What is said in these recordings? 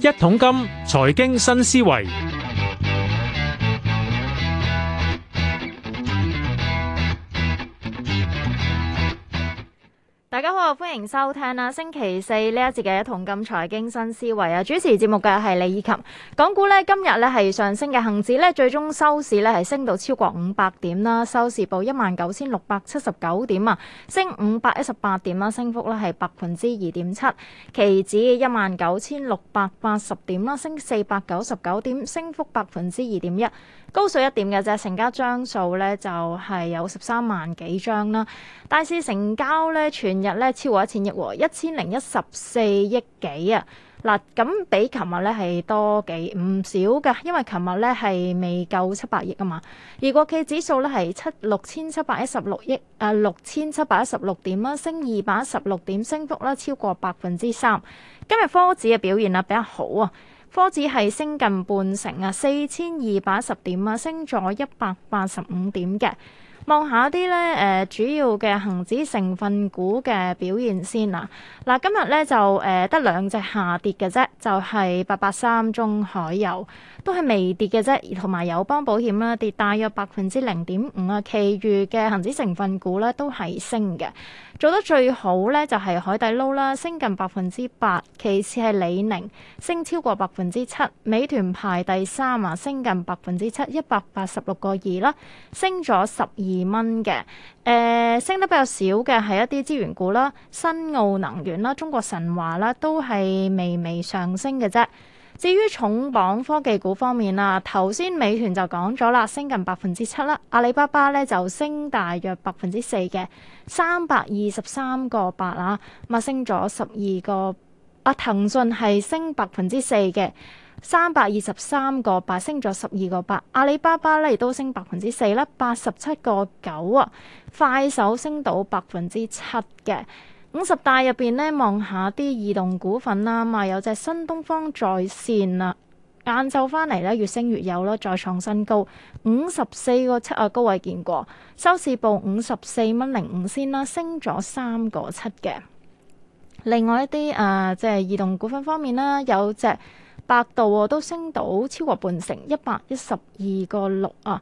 一桶金，財經新思維。收聽啦，星期四呢一節嘅《同金財經新思維》啊，主持節目嘅係李綺琴。港股咧今日咧係上升嘅，恒指咧最終收市咧係升到超過五百點啦，收市報一萬九千六百七十九點啊，升五百一十八點啦，升幅咧係百分之二點七。期指一萬九千六百八十點啦，升四百九十九點，升幅百分之二點一，高水一點嘅啫，成交張數咧就係有十三萬幾張啦。大市成交咧全日咧超過。千億一千零一十四億幾啊。嗱，咁比琴日咧係多幾唔少㗎，因為琴日咧係未夠七百億啊嘛。而國企指數咧係七六千七百一十六億啊，六千七百一十六點啊，升二百一十六點，升幅咧超過百分之三。今日科指嘅表現啦比較好啊，科指係升近半成啊，四千二百一十點啊，升咗一百八十五點嘅。望下啲咧，誒、呃、主要嘅恒指成分股嘅表現先啊！嗱，今日咧就誒得、呃、兩隻下跌嘅啫，就係八八三中海油，都係微跌嘅啫，同埋友邦保險啦，跌大約百分之零點五啊。其餘嘅恒指成分股咧都係升嘅，做得最好咧就係、是、海底撈啦，升近百分之八，其次係李寧，升超過百分之七，美團排第三啊，升近百分之七，一百八十六個二啦，升咗十二。蚊嘅，誒、嗯，升得比較少嘅係一啲資源股啦，新奧能源啦，中國神華啦，都係微微上升嘅啫。至於重磅科技股方面啦，頭先美團就講咗啦，升近百分之七啦，阿里巴巴咧就升大約百分之四嘅，三百二十三個八啦，咪升咗十二個啊，騰訊係升百分之四嘅。三百二十三個八，升咗十二個八。阿里巴巴咧亦都升百分之四啦，八十七個九啊。快手升到百分之七嘅五十大入邊咧，望下啲異動股份啦，咪有隻新東方在線啦。晏晝翻嚟咧，越升越有啦，再創新高五十四個七啊，高位見過收市報五十四蚊零五先啦，升咗三個七嘅。另外一啲啊，即係異動股份方面啦，有隻。百度、啊、都升到超過半成，一百一十二個六啊！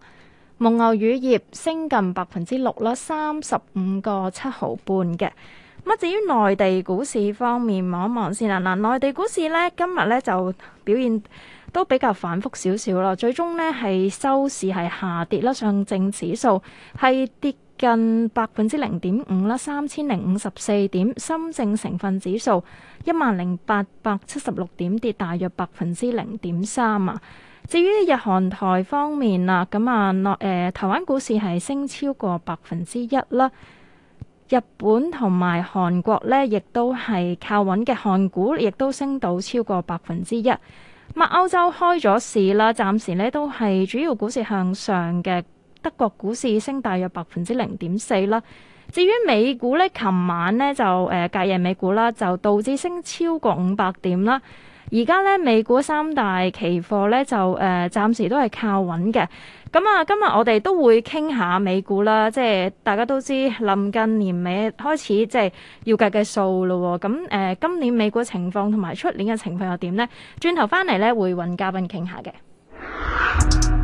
蒙牛乳業升近百分之六啦，三十五個七毫半嘅。咁至於內地股市方面，望一望先啦。嗱、呃，內地股市咧今日咧就表現都比較反覆少少咯，最終咧係收市係下跌啦，上證指數係跌近百分之零點五啦，三千零五十四點。深證成分指數一萬零八百七十六點，跌大約百分之零點三啊。至於日韓台方面啊，咁啊，內、呃、誒台灣股市係升超過百分之一啦。日本同埋韓國呢，亦都係靠穩嘅，韓股亦都升到超過百分之一。咁啊，歐洲開咗市啦，暫時呢都係主要股市向上嘅。德國股市升大約百分之零點四啦。至於美股咧，琴晚咧就誒、呃、隔夜美股啦，就導致升超過五百點啦。而家咧美股三大期貨咧就誒、呃、暫時都係靠穩嘅。咁、嗯、啊，今日我哋都會傾下美股啦。即係大家都知臨近年尾開始，即係要計計數咯。咁、嗯、誒、呃，今年美股情況同埋出年嘅情況又點呢？轉頭翻嚟咧會搵嘉賓傾下嘅。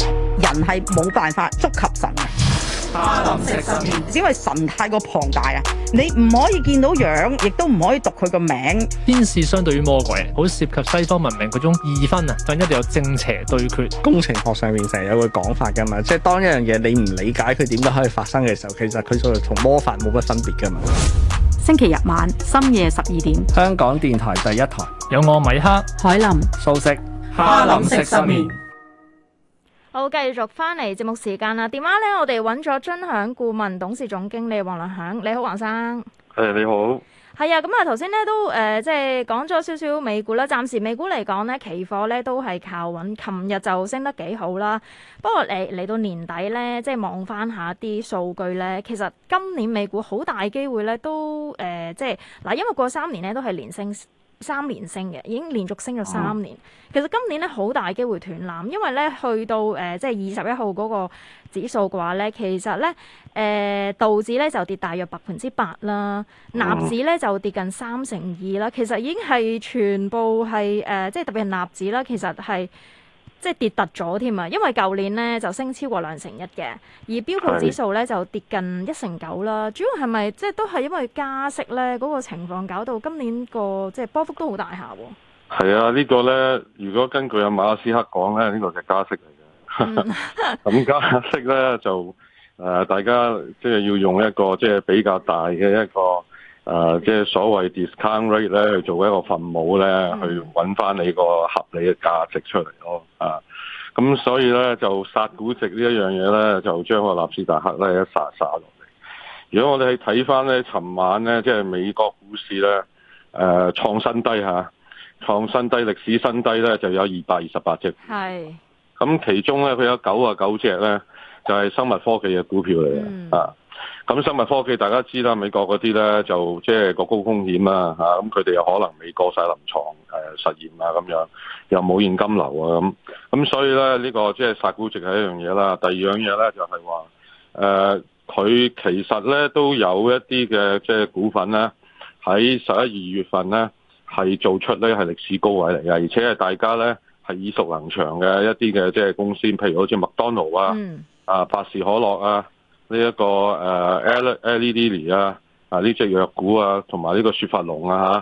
人係冇辦法觸及神啊！哈林食失眠，只因為神太過龐大啊！你唔可以見到樣，亦都唔可以讀佢個名。天使相對於魔鬼，好涉及西方文明嗰種二分啊，但一定有正邪對決。工程學上面成日有個講法噶嘛，即係當一樣嘢你唔理解佢點解可以發生嘅時候，其實佢就同魔法冇乜分別噶嘛。星期日晚深夜十二點，香港電台第一台有我米克、海林、素食、哈林食失眠。好，繼續翻嚟，節目時間啦。電話咧，我哋揾咗尊享顧問董事總經理王良享。你好，王生。誒，你好。係啊，咁啊，頭先咧都誒、呃，即係講咗少少美股啦。暫時美股嚟講咧，期貨咧都係靠穩，琴日就升得幾好啦。不過嚟，嚟到年底咧，即係望翻下啲數據咧，其實今年美股好大機會咧，都誒、呃，即係嗱，因為過三年咧都係連升。三年升嘅，已經連續升咗三年。其實今年咧好大機會斷纜，因為咧去到誒、呃、即係二十一號嗰個指數嘅話咧，其實咧誒、呃、道指咧就跌大約百分之八啦，納指咧就跌近三成二啦。其實已經係全部係誒、呃，即係特別係納指啦，其實係。即係跌突咗添啊！因為舊年咧就升超過兩成一嘅，而標普指數咧就跌近一成九啦。主要係咪即係都係因為加息咧嗰個情況搞到今年個即係波幅都好大下？係啊，這個、呢個咧如果根據阿馬斯克講咧，呢、這個就加息嚟嘅。咁 加息咧就誒、呃，大家即係要用一個即係比較大嘅一個。誒、啊，即係所謂 discount rate 咧,去做一個分母咧，嗯、去揾翻你個合理嘅價值出嚟咯。啊,咁所以咧就殺估值呢一樣嘢咧，就將個納斯達克咧一殺殺落嚟。如果我哋去睇翻咧，尋晚咧即係美國股市咧，誒、呃、創新低吓，創、啊、新低歷史新低咧就有二百二十八隻。係是。咁其中咧，佢有九啊九隻咧，就係、是、生物科技嘅股票嚟嘅。嗯。咁生物科技大家知啦，美國嗰啲咧就即係個高風險啊，吓，咁佢哋又可能未過晒臨床誒實驗啊，咁樣又冇現金流啊，咁，咁所以咧呢個即係殺估值係一樣嘢啦。第二樣嘢咧就係話誒，佢其實咧都有一啲嘅即係股份咧喺十一二月份咧係做出咧係歷史高位嚟嘅，而且係大家咧係耳熟能詳嘅一啲嘅即係公司，譬如好似麥當勞啊，啊百事可樂啊。呢一、這個誒、uh, l a l i t i 啊，啊呢隻藥股啊，同埋呢個雪佛龍啊，嚇、uh,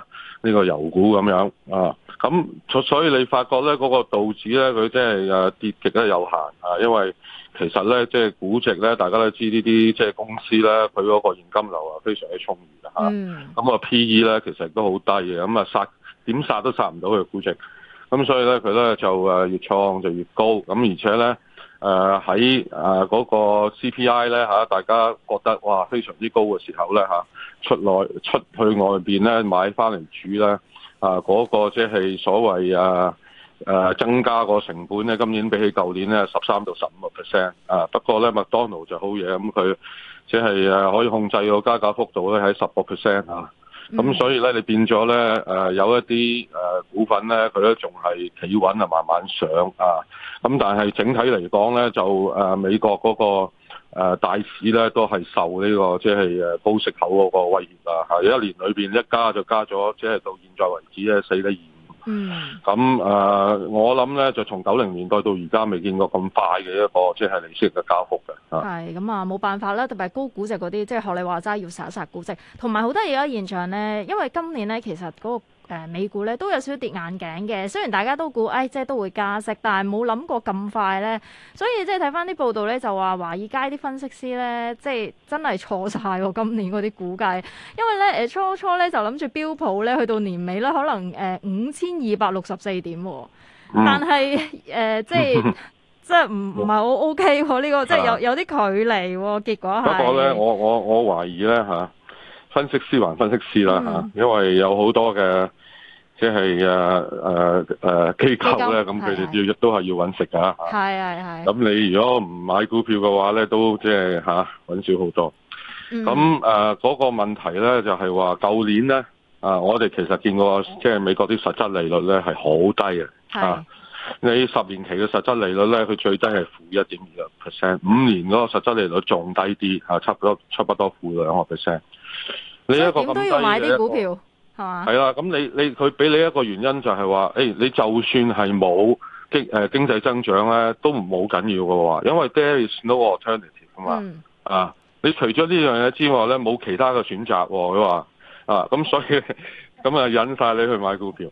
呢個油股咁樣啊，咁、uh, 所以你發覺咧，嗰、那個道指咧，佢即係跌極都有限啊，因為其實咧，即、就、係、是、估值咧，大家都知呢啲即係公司咧，佢嗰個現金流啊，非常之充裕嘅嚇，咁啊 P E 咧，其實、嗯、殺都好低嘅，咁啊殺點殺都殺唔到佢估值，咁、嗯、所以咧，佢咧就誒越創就越高，咁、啊、而且咧。誒喺誒嗰個 CPI 咧嚇，大家覺得哇非常之高嘅時候咧嚇，出嚟出去外邊咧買翻嚟煮咧，啊、那、嗰個即係所謂啊誒、呃、增加個成本咧，今年比起舊年咧十三到十五個 percent 啊，不過咧麥當勞就好嘢咁，佢即係誒可以控制個加價幅度咧喺十個 percent 嚇。咁、mm hmm. 所以咧，你變咗咧，誒、呃、有一啲誒、呃、股份咧，佢都仲係企穩啊，慢慢上啊。咁但係整體嚟講咧，就誒、呃、美國嗰、那個、呃、大市咧，都係受呢、這個即係誒高息口嗰個威脅啊。嚇，一年裏邊一加就加咗，即、就、係、是、到現在為止咧四點二。嗯，咁、呃、誒，我諗咧就從九零年代到而家，未見過咁快嘅一個即係利息嘅加幅嘅嚇。係、啊，咁啊冇辦法啦，特別係高估值嗰啲，即係學你話齋要殺一殺估值，同埋好多嘢而家現象咧。因為今年咧，其實嗰、那個。誒美股咧都有少少跌眼鏡嘅，雖然大家都估，誒、哎、即係都會加息，但係冇諗過咁快咧。所以即係睇翻啲報道咧，就話華爾街啲分析師咧，即係真係錯晒喎，今年嗰啲估計，因為咧誒、呃、初初咧就諗住標普咧去到年尾咧可能誒五千二百六十四點、哦，但係誒、嗯呃、即係即係唔唔係好 OK 喎呢、呢個即係有有啲距離喎、啊、結果。不過咧，我我我懷疑咧嚇。嗯分析師還分析師啦吓，mm hmm. 因為有好多嘅即係誒誒誒機構咧，咁佢哋要是是是都係要揾食噶係係係。咁是你如果唔買股票嘅話咧，都即係吓揾少好多。咁誒嗰個問題咧，就係話舊年咧啊，我哋其實見過即係美國啲實質利率咧係好低嘅吓是、啊。你十年期嘅實質利率咧，佢最低係負一點二個 percent，五年嗰個實質利率仲低啲吓，差唔多差不多負兩個 percent。你一點都要買啲股票係啊。咁你你佢俾你一個原因就係話，誒、欸、你就算係冇經誒經濟增長咧，都唔冇緊要嘅喎，因為 there is no alternative 啊嘛、嗯、啊！你除咗呢樣嘢之外咧，冇其他嘅選擇，佢話啊，咁、啊、所以咁啊引晒你去買股票。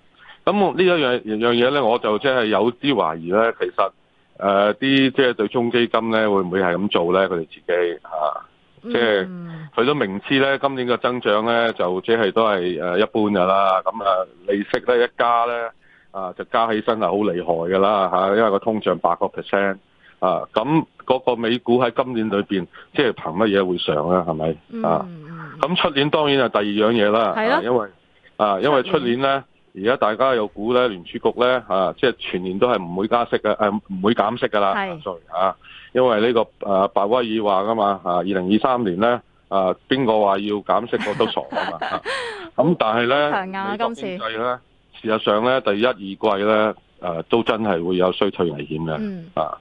咁 呢一樣樣嘢咧，我就即係有啲懷疑咧，其實誒啲即係對沖基金咧，會唔會係咁做咧？佢哋自己啊。嗯、即係佢都明知咧，今年嘅增長咧就即係都係誒一般噶啦。咁啊，利息咧一加咧啊，就加起身係好厲害噶啦嚇，因為個通脹八個 percent 啊。咁嗰個美股喺今年裏邊，即係憑乜嘢會上咧？係咪、嗯、啊？咁出年當然係第二樣嘢啦。係咯、啊，啊、因為啊，年因為出年咧。而家大家又估咧，聯儲局咧啊，即係全年都係唔會加息嘅，誒、啊、唔會減息噶啦，所以是啊，因為呢、這個誒白、啊、威爾話噶嘛，啊二零二三年咧啊，邊個話要減息我都傻噶嘛，咁、 啊、但係咧，美國經濟咧，呢次事實上咧，第一二季咧誒、啊、都真係會有衰退危險嘅、嗯、啊，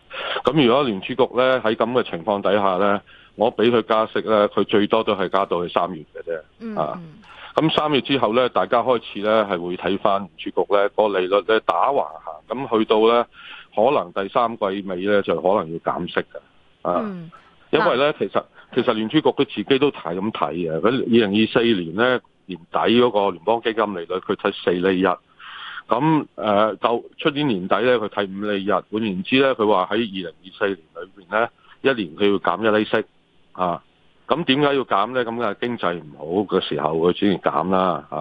咁、啊、如果聯儲局咧喺咁嘅情況底下咧，我俾佢加息咧，佢最多都係加到去三月嘅啫啊。嗯。咁三月之後咧，大家開始咧係會睇翻聯儲局咧、嗰個利率咧打橫行，咁去到咧可能第三季尾咧就可能要減息㗎，啊，嗯、因為咧其實其實聯儲局佢自己都睇咁睇嘅，佢二零二四年咧年底嗰個聯邦基金利率佢睇四釐一，咁誒就出年年底咧佢睇五釐一，換言之咧佢話喺二零二四年裏邊咧一年佢要減一釐息，啊。咁點解要減呢？咁梗係經濟唔好嘅時候會，佢先減啦嚇。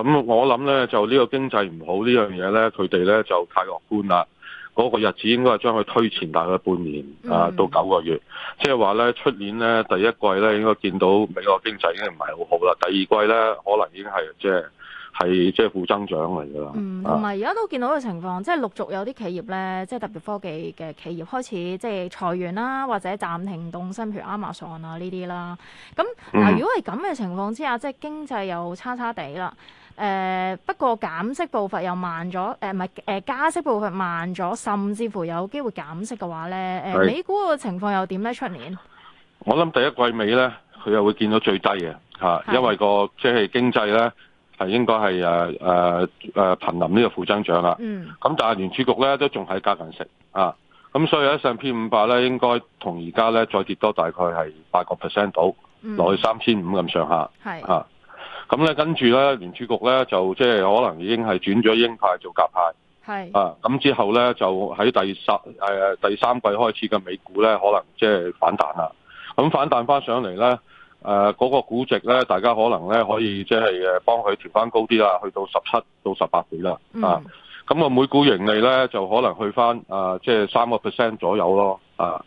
咁、嗯、我諗呢，就呢個經濟唔好呢樣嘢呢，佢哋呢就太樂觀啦。嗰、那個日子應該係將佢推前大概半年啊，到九個月。即係話呢出年呢，第一季呢應該見到美國經濟已經唔係好好啦。第二季呢，可能已經係即係。係即係負增長嚟㗎啦。嗯，同埋而家都見到個情況，啊、即係陸續有啲企業咧，即係特別科技嘅企業開始即係裁員啦、啊，或者暫停動身，譬如 Amazon 啊呢啲啦。咁、嗯、嗱，嗯、如果係咁嘅情況之下，即係經濟又差差哋啦。誒、呃，不過減息步伐又慢咗，誒唔係誒加息步伐慢咗，甚至乎有機會減息嘅話咧，誒、呃、美股個情況又點咧？出年我諗第一季尾咧，佢又會見到最低嘅嚇、啊，因為個即係經濟咧。呢係應該係誒誒誒瀕臨呢個負增長啦。嗯。咁但係聯儲局咧都仲係夾硬食啊。咁所以 S&P 五百咧，應該同而家咧再跌多大概係八個 percent 到，落去三千五咁上下。係。啊、嗯。咁咧跟住咧聯儲局咧就即係可能已經係轉咗鷹派做鴿派。係是。啊咁、嗯、之後咧就喺第十誒、呃、第三季開始嘅美股咧可能即係反彈啦。咁、嗯、反彈翻上嚟咧。呢誒，嗰、啊那個估值咧，大家可能咧可以即係誒幫佢調翻高啲啦，去到十七到十八倍啦，啊，咁啊、mm. 每股盈利咧就可能去翻啊，即係三個 percent 左右咯，啊、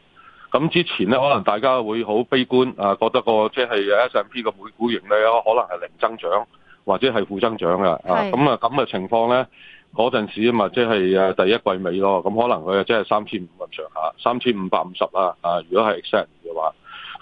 咁、就是啊、之前咧、mm. 可能大家會好悲觀，啊，覺得個即係 S&P 嘅每股盈利啊，mm. 啊，啊，可能係零增長或者係負增長噶，啊，咁啊咁嘅情況咧，嗰陣時啊嘛，即係誒第一季尾咯，咁可能佢啊即係三千五咁上下，三千五百五十啦，啊，如果係 excel 嘅話。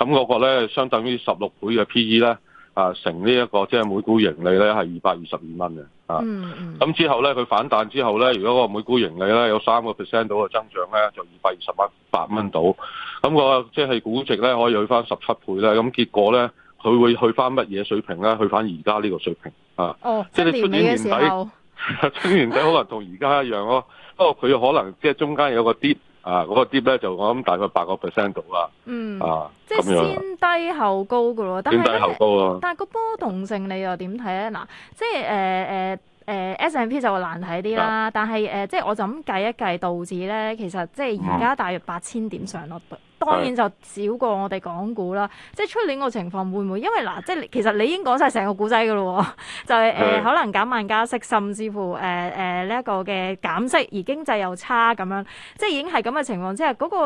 咁嗰個咧，相等於十六倍嘅 P/E 咧，啊、呃，乘呢一個即係每股盈利咧係二百二十二蚊嘅。2 2啊 mm. 嗯咁之後咧，佢反彈之後咧，如果個每股盈利咧有三個 percent 到嘅增長咧，就二百二十蚊八蚊到。咁個即係估值咧可以去翻十七倍咧。咁結果咧，佢會去翻乜嘢水平咧？去翻而家呢個水平啊。哦。即係出年年底，出年 年底可能同而家一樣咯、哦， 不過佢可能即係中間有個跌。啊，嗰、那個跌咧就我諗大概八個 percent 到啦。啊、嗯，啊，即係先低後高噶咯。先低後高咯。但係個波動性你又點睇咧？嗱、啊，即係誒誒。呃呃誒 S&P 就難睇啲啦，嗯、但係誒、呃、即係我就咁計一計，道指咧其實即係而家大約八千點上落，當然就少過我哋港股啦。的即係出年個情況會唔會因？因為嗱，即係其實你已經講晒成個故仔嘅咯，就係、是、誒、呃、可能減慢加息，甚至乎誒誒呢一個嘅減息，而經濟又差咁樣，即係已經係咁嘅情況之下，嗰、那個、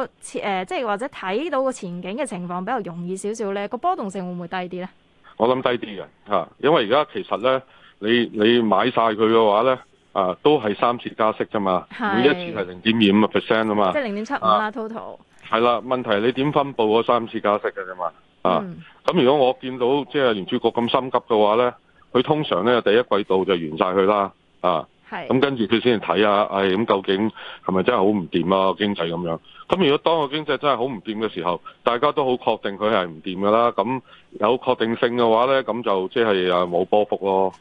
呃、即係或者睇到個前景嘅情況比較容易少少咧，那個波動性會唔會低啲咧？我諗低啲嘅嚇，因為而家其實咧。你你買晒佢嘅話咧，啊，都係三次加息啫嘛，每一次係零點二五啊 percent 啊嘛，即係零點七五啦 total。係啦，問題你點分佈嗰三次加息嘅啫嘛，啊，咁如果我見到即係聯儲局咁心急嘅話咧，佢通常咧第一季度就完晒佢啦，啊。係，咁是、嗯、跟住佢先睇下唉，咁、嗯、究竟係咪真係好唔掂啊？經濟咁樣，咁如果當個經濟真係好唔掂嘅時候，大家都好確定佢係唔掂噶啦，咁有確定性嘅話咧，咁就即係啊冇波幅咯，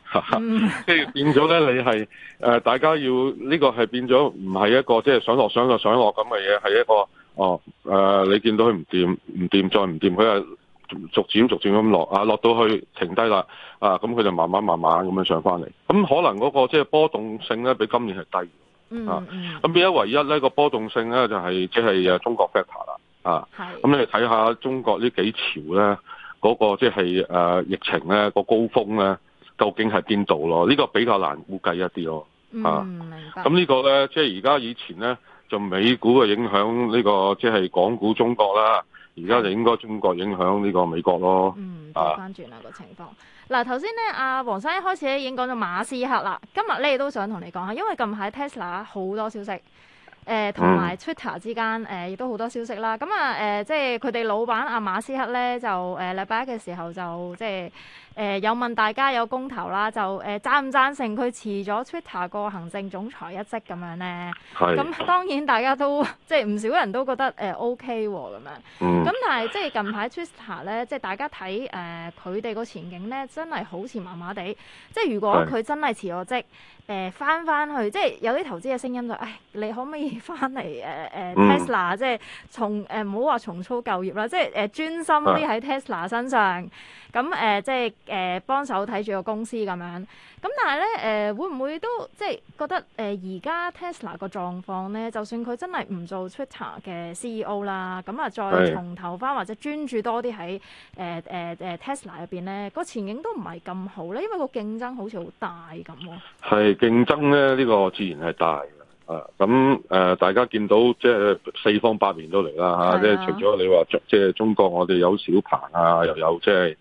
即 係 變咗咧，你係誒、呃、大家要呢、這個係變咗唔係一個即係、就是、想落想就想落咁嘅嘢，係一個哦誒、呃，你見到佢唔掂唔掂再唔掂，佢係。逐漸逐漸咁落啊，落到去停低啦啊，咁佢就慢慢慢慢咁樣上翻嚟。咁可能嗰個即係波動性咧，比今年係低。啊、嗯咁變咗唯一咧，個波動性咧就係即係誒中國 factor 啦。啊。咁你睇下中國呢幾朝咧，嗰個即係誒疫情咧、個高峰咧，究竟係邊度咯？呢、個比較難估計一啲咯。啊、嗯，明白。咁、啊、呢個咧，即係而家以前咧，就美股嘅影響呢、個即係港股中國啦。而家就應該中國影響呢個美國咯。嗯，調翻轉啦個情況。嗱、啊，頭先咧，阿王生一開始咧已經講咗馬斯克啦。今日咧，都想同你講下，因為近排 Tesla 好多消息。誒同埋、嗯、Twitter 之間，誒、呃、亦都好多消息啦。咁、呃、啊，誒、呃、即係佢哋老闆阿、啊、馬斯克咧，就誒禮拜一嘅時候就即係誒有問大家有公投啦，就誒、呃、贊唔贊成佢辭咗 Twitter 個行政總裁一職咁樣咧。咁是當然大家都即係唔少人都覺得誒、呃、OK 喎咁樣。咁、嗯、但係即係近排 Twitter 咧，即係大家睇誒佢哋個前景咧，真係好似麻麻地。即係如果佢真係辭咗職。是是誒翻翻去，即係有啲投資嘅聲音就誒、係，你可唔可以翻嚟誒誒 Tesla？即係從誒唔好話重操舊業啦，即係誒專心啲喺 Tesla 身上。咁誒、啊嗯、即係誒幫手睇住個公司咁樣。咁但係咧誒，會唔會都即係覺得誒而家 Tesla 個狀況咧，就算佢真係唔做 Twitter 嘅 CEO 啦，咁啊再重投翻係或者專注多啲喺誒誒誒 Tesla 入邊咧，個、呃呃呃、前景都唔係咁好咧，因為個競爭好似好大咁喎。係。競爭咧呢、這個自然係大嘅啊，咁、啊、誒大家見到即係四方八面都嚟啦嚇，即係除咗你話即係中國，我哋有小鵬啊，又有即係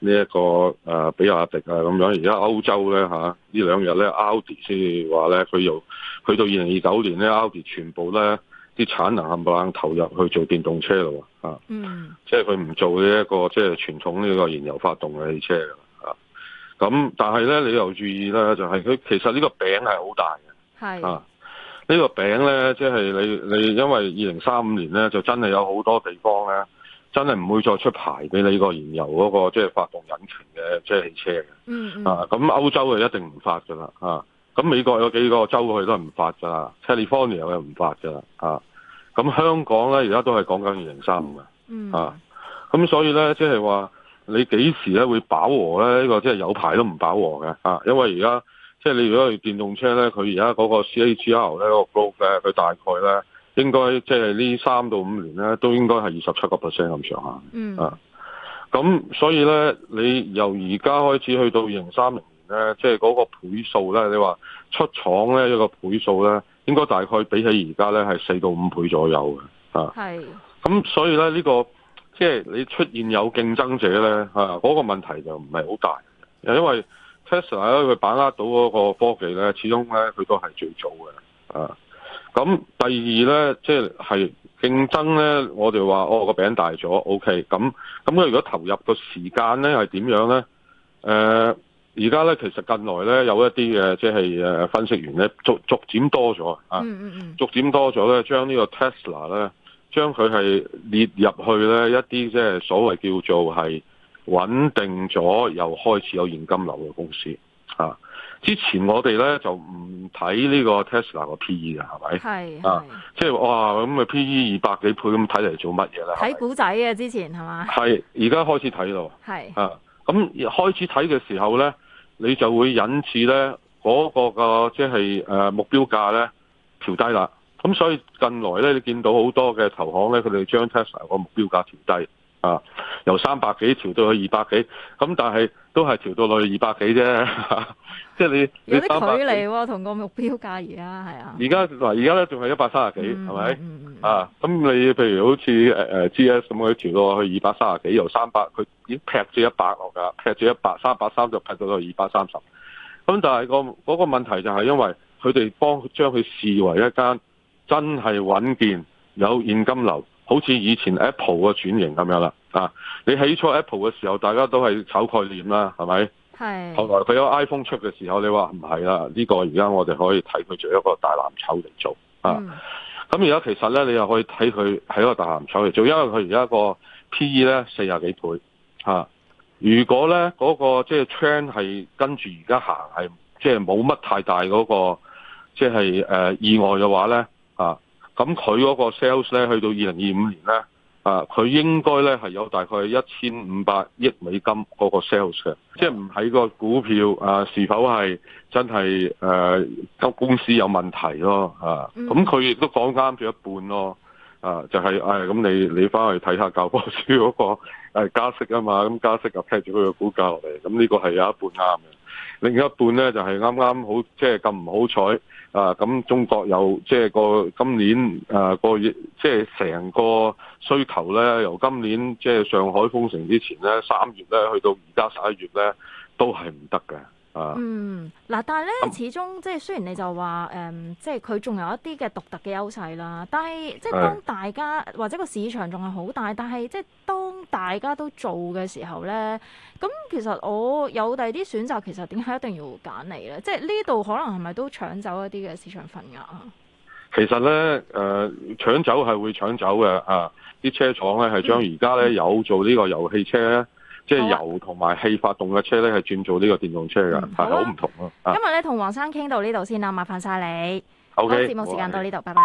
呢一個誒、啊、比亞迪啊咁樣。而家歐洲咧嚇，啊、兩呢兩日咧，Audi 先至話咧，佢又去到二零二九年咧，Audi 全部咧啲產能冚唪唥投入去做電動車嘞喎啊！嗯、即係佢唔做呢、這、一個即係傳統呢個燃油發動嘅汽車。咁，但係咧，你又注意咧，就係佢其實呢個餅係好大嘅，係啊，呢個餅咧，即係你你，因為二零三五年咧，就真係有好多地方咧，真係唔會再出牌俾你呢個燃油嗰、嗰個即係、即係、發動引擎嘅即係汽車嘅，嗯啊，咁歐洲就一定唔發㗎啦，啊，咁、啊、美國有幾個州佢都係唔發㗎啦，California 又唔發㗎啦，啊，咁香港咧而家都係講緊二零三五啊，啊，咁所以咧，即係話。你幾時咧會飽和咧？呢、這個即係有排都唔飽和嘅啊！因為而家即係你如果係電動車咧，佢而家嗰個 CAGR 咧個 growth 咧，佢大概咧應該即係呢三到五年咧都應該係二十七個 percent 咁上下啊！咁、嗯啊、所以咧，你由而家開始去到二零三零年咧，即係嗰個倍數咧，你話出廠咧一、那個倍數咧，應該大概比起而家咧係四到五倍左右嘅啊！係是。咁、啊、所以咧，呢、這個。即係你出現有競爭者咧，嚇、那、嗰個問題就唔係好大，因為 Tesla 咧佢把握到嗰個科技咧，始終咧佢都係最早嘅啊。咁第二咧，即、就、係、是、競爭咧，我哋話哦個餅大咗，OK。咁咁咧，如果投入個時間咧係點樣咧？誒、呃，而家咧其實近來咧有一啲嘅，即係誒分析員咧逐逐漸多咗啊，逐漸多咗咧，將呢個 Tesla 咧。將佢係列入去咧一啲即係所謂叫做係穩定咗又開始有現金流嘅公司啊！之前我哋咧就唔睇呢個 Tesla 個 P E 嘅係咪？係啊，即係哇咁嘅 P E 二百幾倍咁睇嚟做乜嘢咧？睇古仔啊之前係嘛？係而家開始睇咯。係啊，咁開始睇嘅時候咧，你就會引致咧嗰個個即係誒目標價咧調低啦。咁所以近來咧，你見到好多嘅投行咧，佢哋將 Tesla 個目標價調低啊，由三百幾調到去二百幾，咁但係都係調到去二百幾啫，即係、就是、你有啲距離喎、啊，同個在目標價而家係啊。而家嗱，而家咧仲係一百三十幾，係咪？啊，咁你譬如好似誒誒 GS 咁、嗯，佢、嗯、調到去二百三十幾，由三百佢已經劈咗一百落㗎，劈咗一百三百三十劈到去二百三十。咁但係個嗰個問題就係因為佢哋幫將佢視為一間。真係穩健，有現金流，好似以前 Apple 嘅轉型咁樣啦。啊，你起初 Apple 嘅時候，大家都係炒概念啦，係咪？係是。後來佢有 iPhone 出嘅時候，你話唔係啦。呢、這個而家我哋可以睇佢做一個大藍籌嚟做。啊，咁而家其實咧，你又可以睇佢喺一個大藍籌嚟做，因為佢而家一個 P E 咧四十幾倍。嚇、啊！如果咧嗰、那個即係 trend 係跟住而家行，係即係冇乜太大嗰、那個即係誒意外嘅話咧。啊，咁佢嗰個 sales 咧，去到二零二五年咧，啊，佢應該咧係有大概一千五百億美金嗰個 sales 嘅，即係唔喺個股票啊，是否係真係誒？公司有問題咯，啊，咁佢亦都講啱咗一半咯，啊，就係誒，咁你你翻去睇下教科書嗰個加息啊嘛，咁加息就劈住佢個股價落嚟，咁呢個係有一半啱嘅，另一半咧就係啱啱好，即係咁唔好彩。啊，咁中國有即係、就是、個今年啊個月，即係成個需求咧，由今年即係、就是、上海封城之前咧，三月咧去到而家十一月咧，都係唔得嘅。嗯，嗱，但係咧，始終即係雖然你就話，誒、嗯，即係佢仲有一啲嘅獨特嘅優勢啦，但係即係當大家、嗯、或者個市場仲係好大，但係即係當大家都做嘅時候咧，咁其實我有第二啲選擇，其實點解一定要揀你咧？即係呢度可能係咪都搶走一啲嘅市場份額啊？其實咧，誒、呃，搶走係會搶走嘅，啊，啲車廠咧係將而家咧有做呢個油汽車。嗯嗯啊、即係油同埋氣發動嘅車咧，係轉做呢個電動車噶，係好唔同啊！今日咧同王生傾到呢度先啦，啊，麻煩晒你。Okay, 好，K，節目時間到呢度，拜拜。